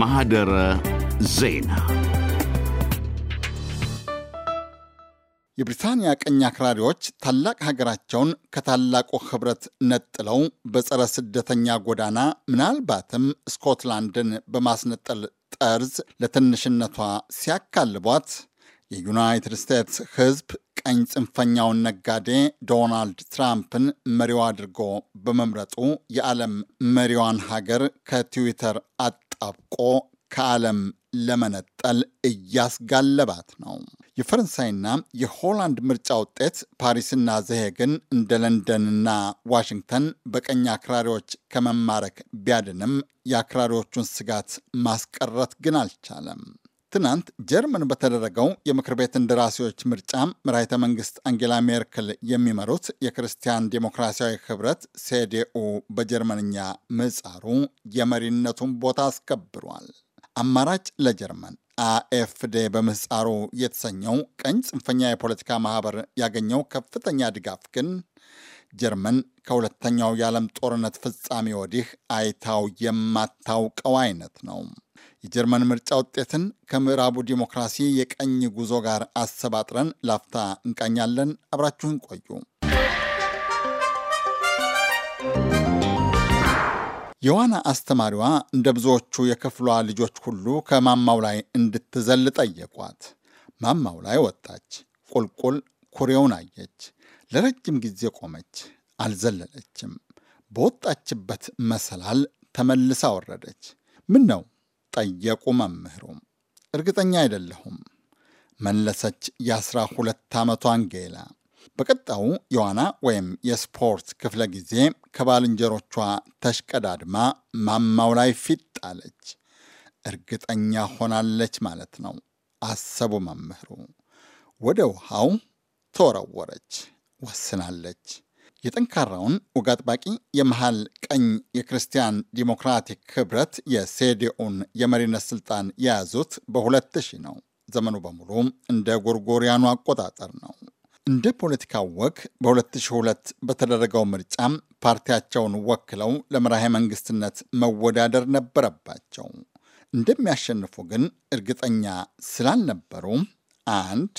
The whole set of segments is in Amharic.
ማህደረ ዜና የብሪታንያ ቀኝ አክራሪዎች ታላቅ ሀገራቸውን ከታላቁ ህብረት ነጥለው በጸረ ስደተኛ ጎዳና ምናልባትም ስኮትላንድን በማስነጠል ጠርዝ ለትንሽነቷ ሲያካልቧት የዩናይትድ ስቴትስ ህዝብ ቀኝ ጽንፈኛውን ነጋዴ ዶናልድ ትራምፕን መሪው አድርጎ በመምረጡ የዓለም መሪዋን ሀገር ከትዊተር አጣብቆ ከዓለም ለመነጠል እያስጋለባት ነው። የፈረንሳይና የሆላንድ ምርጫ ውጤት ፓሪስና ዘሄግን እንደ ለንደንና ዋሽንግተን በቀኝ አክራሪዎች ከመማረክ ቢያድንም የአክራሪዎቹን ስጋት ማስቀረት ግን አልቻለም። ትናንት ጀርመን በተደረገው የምክር ቤት እንደራሴዎች ምርጫ መራሒተ መንግስት አንጌላ ሜርክል የሚመሩት የክርስቲያን ዴሞክራሲያዊ ህብረት ሴዴኡ በጀርመንኛ ምህጻሩ የመሪነቱን ቦታ አስከብሯል። አማራጭ ለጀርመን አኤፍዴ በምህጻሩ የተሰኘው ቀኝ ጽንፈኛ የፖለቲካ ማህበር ያገኘው ከፍተኛ ድጋፍ ግን ጀርመን ከሁለተኛው የዓለም ጦርነት ፍጻሜ ወዲህ አይታው የማታውቀው አይነት ነው። የጀርመን ምርጫ ውጤትን ከምዕራቡ ዲሞክራሲ የቀኝ ጉዞ ጋር አሰባጥረን ላፍታ እንቃኛለን። አብራችሁን ቆዩ። የዋና አስተማሪዋ እንደ ብዙዎቹ የክፍሏ ልጆች ሁሉ ከማማው ላይ እንድትዘል ጠየቋት። ማማው ላይ ወጣች። ቁልቁል ኩሬውን አየች። ለረጅም ጊዜ ቆመች፣ አልዘለለችም። በወጣችበት መሰላል ተመልሳ ወረደች። ምን ነው ጠየቁ መምህሩ። እርግጠኛ አይደለሁም መለሰች የአስራ ሁለት ዓመቷ አንጌላ። በቀጣዩ የዋና ወይም የስፖርት ክፍለ ጊዜ ከባልንጀሮቿ ተሽቀዳድማ ማማው ላይ ፊት ጣለች። እርግጠኛ ሆናለች ማለት ነው አሰቡ መምህሩ። ወደ ውሃው ተወረወረች። ወስናለች። የጠንካራውን ወግ አጥባቂ የመሃል ቀኝ የክርስቲያን ዲሞክራቲክ ህብረት የሴዲኡን የመሪነት ስልጣን የያዙት በ2000 ነው። ዘመኑ በሙሉ እንደ ጎርጎሪያኑ አቆጣጠር ነው። እንደ ፖለቲካው ወግ በ2002 በተደረገው ምርጫ ፓርቲያቸውን ወክለው ለመራሄ መንግስትነት መወዳደር ነበረባቸው። እንደሚያሸንፉ ግን እርግጠኛ ስላልነበሩ አንድ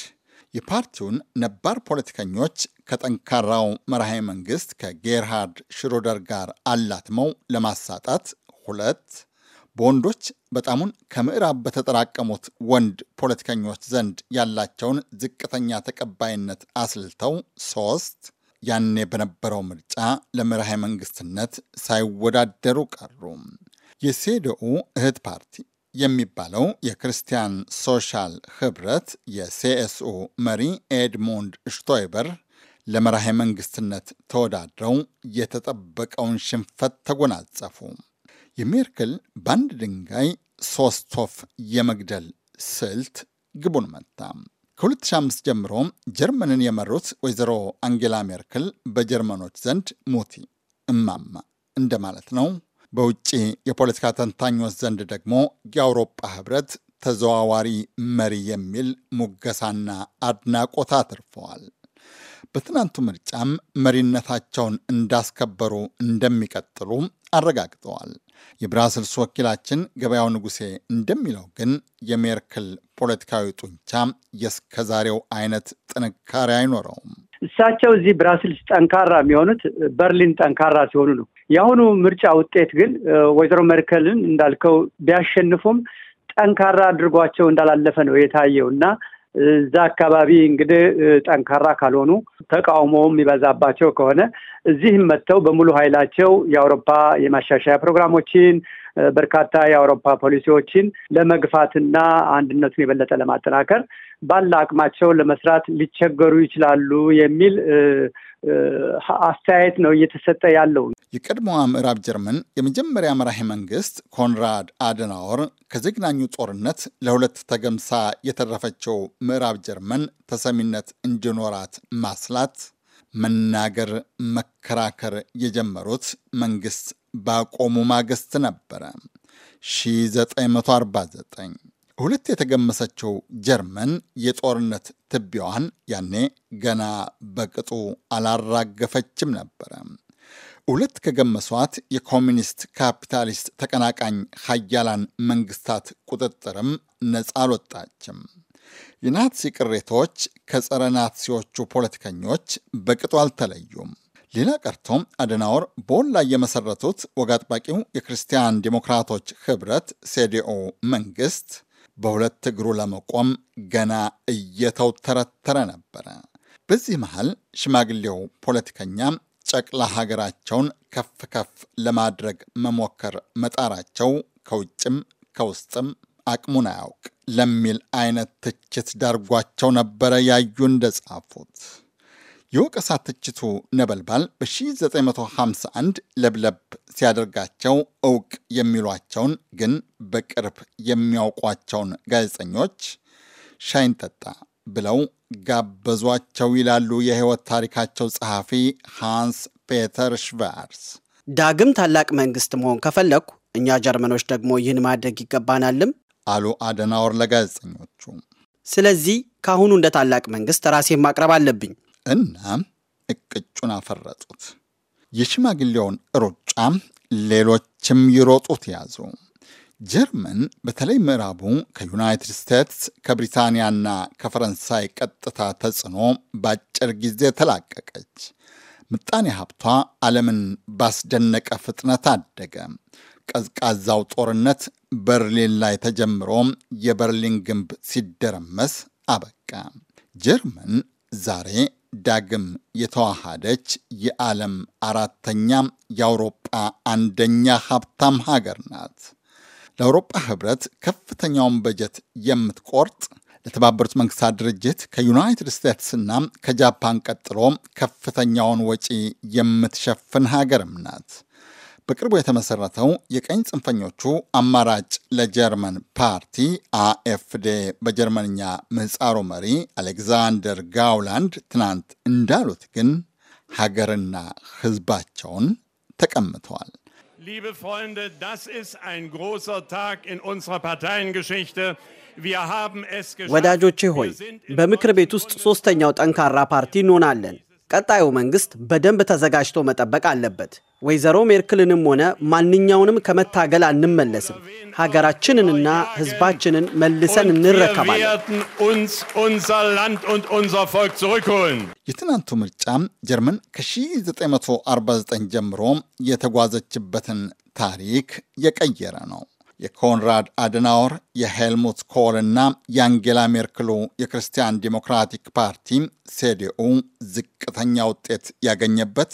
የፓርቲውን ነባር ፖለቲከኞች ከጠንካራው መርሃይ መንግስት ከጌርሃርድ ሽሮደር ጋር አላትመው ለማሳጣት፣ ሁለት በወንዶች በጣሙን ከምዕራብ በተጠራቀሙት ወንድ ፖለቲከኞች ዘንድ ያላቸውን ዝቅተኛ ተቀባይነት አስልተው፣ ሶስት ያኔ በነበረው ምርጫ ለመርሃይ መንግስትነት ሳይወዳደሩ ቀሩ። የሴዶኡ እህት ፓርቲ የሚባለው የክርስቲያን ሶሻል ህብረት የሲኤስኡ መሪ ኤድሞንድ ሽቶይበር ለመራሄ መንግስትነት ተወዳድረው የተጠበቀውን ሽንፈት ተጎናጸፉ። የሜርክል በአንድ ድንጋይ ሶስት ወፍ የመግደል ስልት ግቡን መታ። ከ2005 ጀምሮ ጀርመንን የመሩት ወይዘሮ አንጌላ ሜርክል በጀርመኖች ዘንድ ሙቲ እማማ እንደማለት ነው። በውጭ የፖለቲካ ተንታኞች ዘንድ ደግሞ የአውሮጳ ህብረት ተዘዋዋሪ መሪ የሚል ሙገሳና አድናቆት አትርፈዋል። በትናንቱ ምርጫም መሪነታቸውን እንዳስከበሩ እንደሚቀጥሉ አረጋግጠዋል። የብራስልስ ወኪላችን ገበያው ንጉሴ እንደሚለው ግን የሜርክል ፖለቲካዊ ጡንቻ የእስከዛሬው አይነት ጥንካሬ አይኖረውም። እሳቸው እዚህ ብራስልስ ጠንካራ የሚሆኑት በርሊን ጠንካራ ሲሆኑ ነው። የአሁኑ ምርጫ ውጤት ግን ወይዘሮ ሜርከልን እንዳልከው ቢያሸንፉም ጠንካራ አድርጓቸው እንዳላለፈ ነው የታየው እና እዛ አካባቢ እንግዲህ ጠንካራ ካልሆኑ ተቃውሞውም የሚበዛባቸው ከሆነ እዚህም መጥተው በሙሉ ኃይላቸው የአውሮፓ የማሻሻያ ፕሮግራሞችን በርካታ የአውሮፓ ፖሊሲዎችን ለመግፋትና አንድነቱን የበለጠ ለማጠናከር ባለ አቅማቸው ለመስራት ሊቸገሩ ይችላሉ የሚል አስተያየት ነው እየተሰጠ ያለው። የቀድሞዋ ምዕራብ ጀርመን የመጀመሪያ መራሄ መንግስት ኮንራድ አደናወር ከዘግናኙ ጦርነት ለሁለት ተገምሳ የተረፈችው ምዕራብ ጀርመን ተሰሚነት እንዲኖራት ማስላት መናገር፣ መከራከር የጀመሩት መንግስት ባቆሙ ማግስት ነበረ 1949 ሁለት የተገመሰችው ጀርመን የጦርነት ትቢያዋን ያኔ ገና በቅጡ አላራገፈችም ነበረ። ሁለት ከገመሷት የኮሚኒስት ካፒታሊስት ተቀናቃኝ ሀያላን መንግስታት ቁጥጥርም ነፃ አልወጣችም። የናዚ ቅሬታዎች ከጸረ ናሲዎቹ ፖለቲከኞች በቅጡ አልተለዩም። ሌላ ቀርቶም አደናወር በቦን ላይ የመሰረቱት ወግ አጥባቂው የክርስቲያን ዲሞክራቶች ህብረት ሴዲኦ መንግስት በሁለት እግሩ ለመቆም ገና እየተውተረተረ ነበረ። በዚህ መሃል ሽማግሌው ፖለቲከኛ ጨቅላ ሀገራቸውን ከፍ ከፍ ለማድረግ መሞከር መጣራቸው ከውጭም ከውስጥም አቅሙን አያውቅ ለሚል አይነት ትችት ዳርጓቸው ነበረ። ያዩ እንደጻፉት የወቀሳ ትችቱ ነበልባል በ1951 ለብለብ ሲያደርጋቸው እውቅ የሚሏቸውን ግን በቅርብ የሚያውቋቸውን ጋዜጠኞች ሻይን ጠጣ ብለው ጋበዟቸው ይላሉ የህይወት ታሪካቸው ጸሐፊ ሃንስ ፔተር ሽቫርስ። ዳግም ታላቅ መንግስት መሆን ከፈለግኩ እኛ ጀርመኖች ደግሞ ይህን ማድረግ ይገባናልም አሉ አደናወር ለጋዜጠኞቹ። ስለዚህ ከአሁኑ እንደ ታላቅ መንግስት ራሴን ማቅረብ አለብኝ። እናም እቅጩን አፈረጡት። የሽማግሌውን ሩጫ ሌሎችም ይሮጡት ያዙ። ጀርመን በተለይ ምዕራቡ ከዩናይትድ ስቴትስ ከብሪታንያና ከፈረንሳይ ቀጥታ ተጽዕኖ በአጭር ጊዜ ተላቀቀች። ምጣኔ ሀብቷ ዓለምን ባስደነቀ ፍጥነት አደገ። ቀዝቃዛው ጦርነት በርሊን ላይ ተጀምሮ የበርሊን ግንብ ሲደረመስ አበቃ። ጀርመን ዛሬ ዳግም የተዋሃደች የዓለም አራተኛ የአውሮጳ አንደኛ ሀብታም ሀገር ናት። ለአውሮጳ ህብረት ከፍተኛውን በጀት የምትቆርጥ ለተባበሩት መንግስታት ድርጅት ከዩናይትድ እና ከጃፓን ቀጥሎ ከፍተኛውን ወጪ የምትሸፍን ሀገርም ናት። በቅርቡ የተመሰረተው የቀኝ ጽንፈኞቹ አማራጭ ለጀርመን ፓርቲ አኤፍዴ በጀርመንኛ ምህጻሩ መሪ አሌግዛንደር ጋውላንድ ትናንት እንዳሉት ግን ሀገርና ሕዝባቸውን ተቀምተዋል። Liebe Freunde, das ist ein großer Tag in unserer Parteiengeschichte. ወዳጆቼ ሆይ በምክር ቤት ውስጥ ሶስተኛው ጠንካራ ፓርቲ እንሆናለን። ቀጣዩ መንግስት በደንብ ተዘጋጅቶ መጠበቅ አለበት። ወይዘሮ ሜርክልንም ሆነ ማንኛውንም ከመታገል አንመለስም። ሀገራችንንና ሕዝባችንን መልሰን እንረከባለን። የትናንቱ ምርጫ ጀርመን ከ1949 ጀምሮ የተጓዘችበትን ታሪክ የቀየረ ነው። የኮንራድ አደናወር የሄልሙት ኮል እና የአንጌላ ሜርክሉ የክርስቲያን ዲሞክራቲክ ፓርቲ ሴዲኡ ዝቅተኛ ውጤት ያገኘበት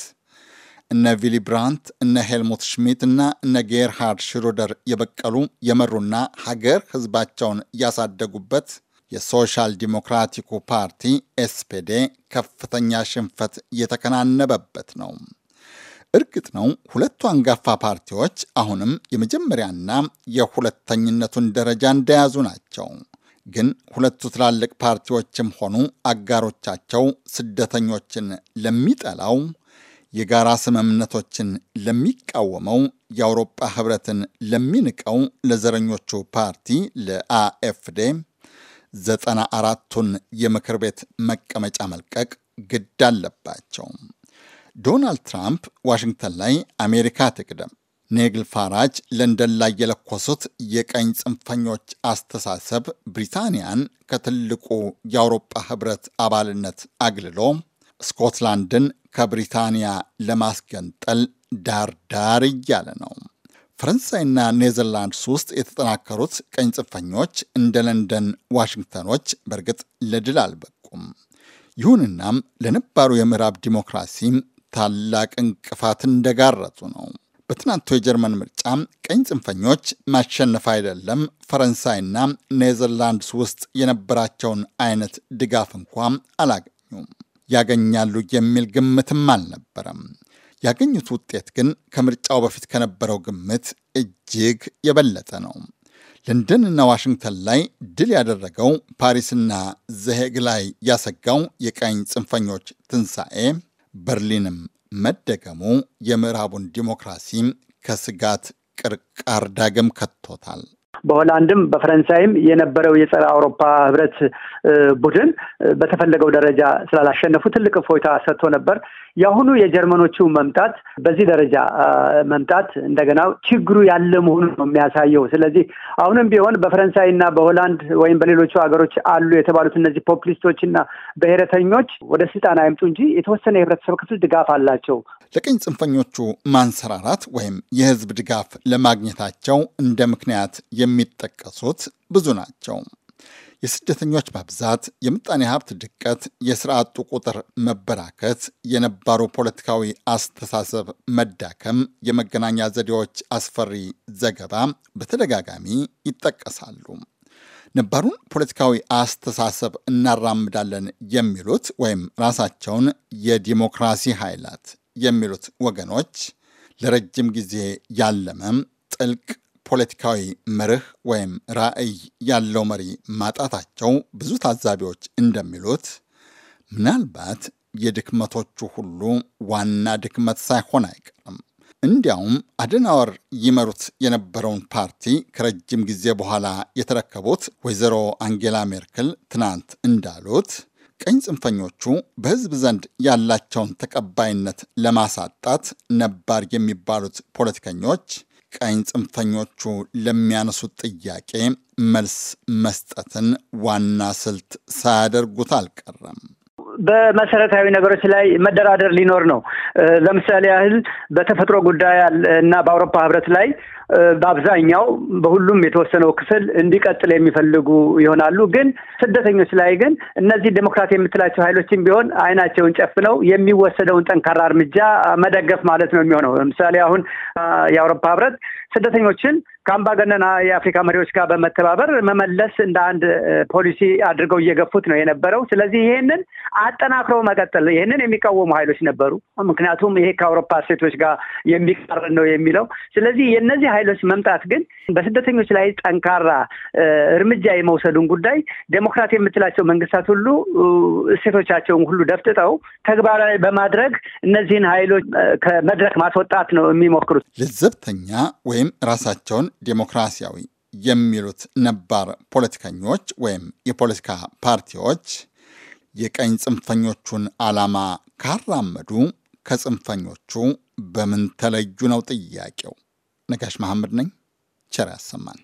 እነ ቪሊ ብራንት እነ ሄልሙት ሽሚት እና እነ ጌርሃርድ ሽሮደር የበቀሉ የመሩና ሀገር ህዝባቸውን ያሳደጉበት የሶሻል ዲሞክራቲኩ ፓርቲ ኤስፔዴ ከፍተኛ ሽንፈት የተከናነበበት ነው። እርግጥ ነው ሁለቱ አንጋፋ ፓርቲዎች አሁንም የመጀመሪያና የሁለተኝነቱን ደረጃ እንደያዙ ናቸው። ግን ሁለቱ ትላልቅ ፓርቲዎችም ሆኑ አጋሮቻቸው ስደተኞችን ለሚጠላው የጋራ ስምምነቶችን ለሚቃወመው የአውሮጳ ህብረትን ለሚንቀው ለዘረኞቹ ፓርቲ ለአኤፍዴ ዘጠና አራቱን የምክር ቤት መቀመጫ መልቀቅ ግድ አለባቸው። ዶናልድ ትራምፕ ዋሽንግተን ላይ አሜሪካ ትቅደም፣ ኔግል ፋራጅ ለንደን ላይ የለኮሱት የቀኝ ጽንፈኞች አስተሳሰብ ብሪታንያን ከትልቁ የአውሮፓ ህብረት አባልነት አግልሎ ስኮትላንድን ከብሪታንያ ለማስገንጠል ዳር ዳር እያለ ነው። ፈረንሳይና ኔዘርላንድስ ውስጥ የተጠናከሩት ቀኝ ጽንፈኞች እንደ ለንደን ዋሽንግተኖች በእርግጥ ለድል አልበቁም። ይሁንናም ለነባሩ የምዕራብ ዲሞክራሲ ታላቅ እንቅፋት እንደጋረጡ ነው። በትናንቱ የጀርመን ምርጫ ቀኝ ጽንፈኞች ማሸነፍ አይደለም ፈረንሳይና ኔዘርላንድስ ውስጥ የነበራቸውን አይነት ድጋፍ እንኳ አላገኙም። ያገኛሉ የሚል ግምትም አልነበረም። ያገኙት ውጤት ግን ከምርጫው በፊት ከነበረው ግምት እጅግ የበለጠ ነው። ለንደንና ዋሽንግተን ላይ ድል ያደረገው ፓሪስና ዘሄግ ላይ ያሰጋው የቀኝ ጽንፈኞች ትንሣኤ በርሊንም መደገሙ የምዕራቡን ዲሞክራሲ ከስጋት ቅርቃር ዳግም ከቶታል። በሆላንድም በፈረንሳይም የነበረው የጸረ አውሮፓ ህብረት ቡድን በተፈለገው ደረጃ ስላላሸነፉ ትልቅ እፎይታ ሰጥቶ ነበር። የአሁኑ የጀርመኖቹ መምጣት በዚህ ደረጃ መምጣት እንደገና ችግሩ ያለ መሆኑን ነው የሚያሳየው። ስለዚህ አሁንም ቢሆን በፈረንሳይ እና በሆላንድ ወይም በሌሎቹ ሀገሮች አሉ የተባሉት እነዚህ ፖፕሊስቶች እና ብሔረተኞች ወደ ስልጣን አይምጡ እንጂ የተወሰነ የህብረተሰብ ክፍል ድጋፍ አላቸው። ለቀኝ ጽንፈኞቹ ማንሰራራት ወይም የህዝብ ድጋፍ ለማግኘታቸው እንደ ምክንያት የሚጠቀሱት ብዙ ናቸው። የስደተኞች መብዛት፣ የምጣኔ ሀብት ድቀት፣ የስራ አጡ ቁጥር መበራከት፣ የነባሩ ፖለቲካዊ አስተሳሰብ መዳከም፣ የመገናኛ ዘዴዎች አስፈሪ ዘገባ በተደጋጋሚ ይጠቀሳሉ። ነባሩን ፖለቲካዊ አስተሳሰብ እናራምዳለን የሚሉት ወይም ራሳቸውን የዲሞክራሲ ኃይላት የሚሉት ወገኖች ለረጅም ጊዜ ያለመም ጥልቅ ፖለቲካዊ መርህ ወይም ራዕይ ያለው መሪ ማጣታቸው ብዙ ታዛቢዎች እንደሚሉት ምናልባት የድክመቶቹ ሁሉ ዋና ድክመት ሳይሆን አይቀርም። እንዲያውም አደናወር ይመሩት የነበረውን ፓርቲ ከረጅም ጊዜ በኋላ የተረከቡት ወይዘሮ አንጌላ ሜርክል ትናንት እንዳሉት ቀኝ ጽንፈኞቹ በሕዝብ ዘንድ ያላቸውን ተቀባይነት ለማሳጣት ነባር የሚባሉት ፖለቲከኞች ቀኝ ጽንፈኞቹ ለሚያነሱት ጥያቄ መልስ መስጠትን ዋና ስልት ሳያደርጉት አልቀረም። በመሰረታዊ ነገሮች ላይ መደራደር ሊኖር ነው። ለምሳሌ ያህል በተፈጥሮ ጉዳይ እና በአውሮፓ ህብረት ላይ በአብዛኛው በሁሉም የተወሰነው ክፍል እንዲቀጥል የሚፈልጉ ይሆናሉ። ግን ስደተኞች ላይ ግን እነዚህ ዴሞክራት የምትላቸው ኃይሎችም ቢሆን አይናቸውን ጨፍነው የሚወሰደውን ጠንካራ እርምጃ መደገፍ ማለት ነው የሚሆነው። ለምሳሌ አሁን የአውሮፓ ህብረት ስደተኞችን ከአምባገነን የአፍሪካ መሪዎች ጋር በመተባበር መመለስ እንደ አንድ ፖሊሲ አድርገው እየገፉት ነው የነበረው። ስለዚህ ይህንን አጠናክሮ መቀጠል፣ ይህንን የሚቃወሙ ኃይሎች ነበሩ። ምክንያቱም ይሄ ከአውሮፓ ሴቶች ጋር የሚቃረን ነው የሚለው። ስለዚህ የነዚህ ኃይሎች መምጣት ግን በስደተኞች ላይ ጠንካራ እርምጃ የመውሰዱን ጉዳይ ዴሞክራት የምትላቸው መንግስታት ሁሉ እሴቶቻቸውን ሁሉ ደፍጥጠው ተግባራዊ በማድረግ እነዚህን ኃይሎች ከመድረክ ማስወጣት ነው የሚሞክሩት። ልዝብተኛ ወይም ራሳቸውን ዴሞክራሲያዊ የሚሉት ነባር ፖለቲከኞች ወይም የፖለቲካ ፓርቲዎች የቀኝ ጽንፈኞቹን ዓላማ ካራመዱ ከጽንፈኞቹ በምን ተለዩ ነው ጥያቄው። ነጋሽ መሐመድ ነኝ። ቸር ያሰማን።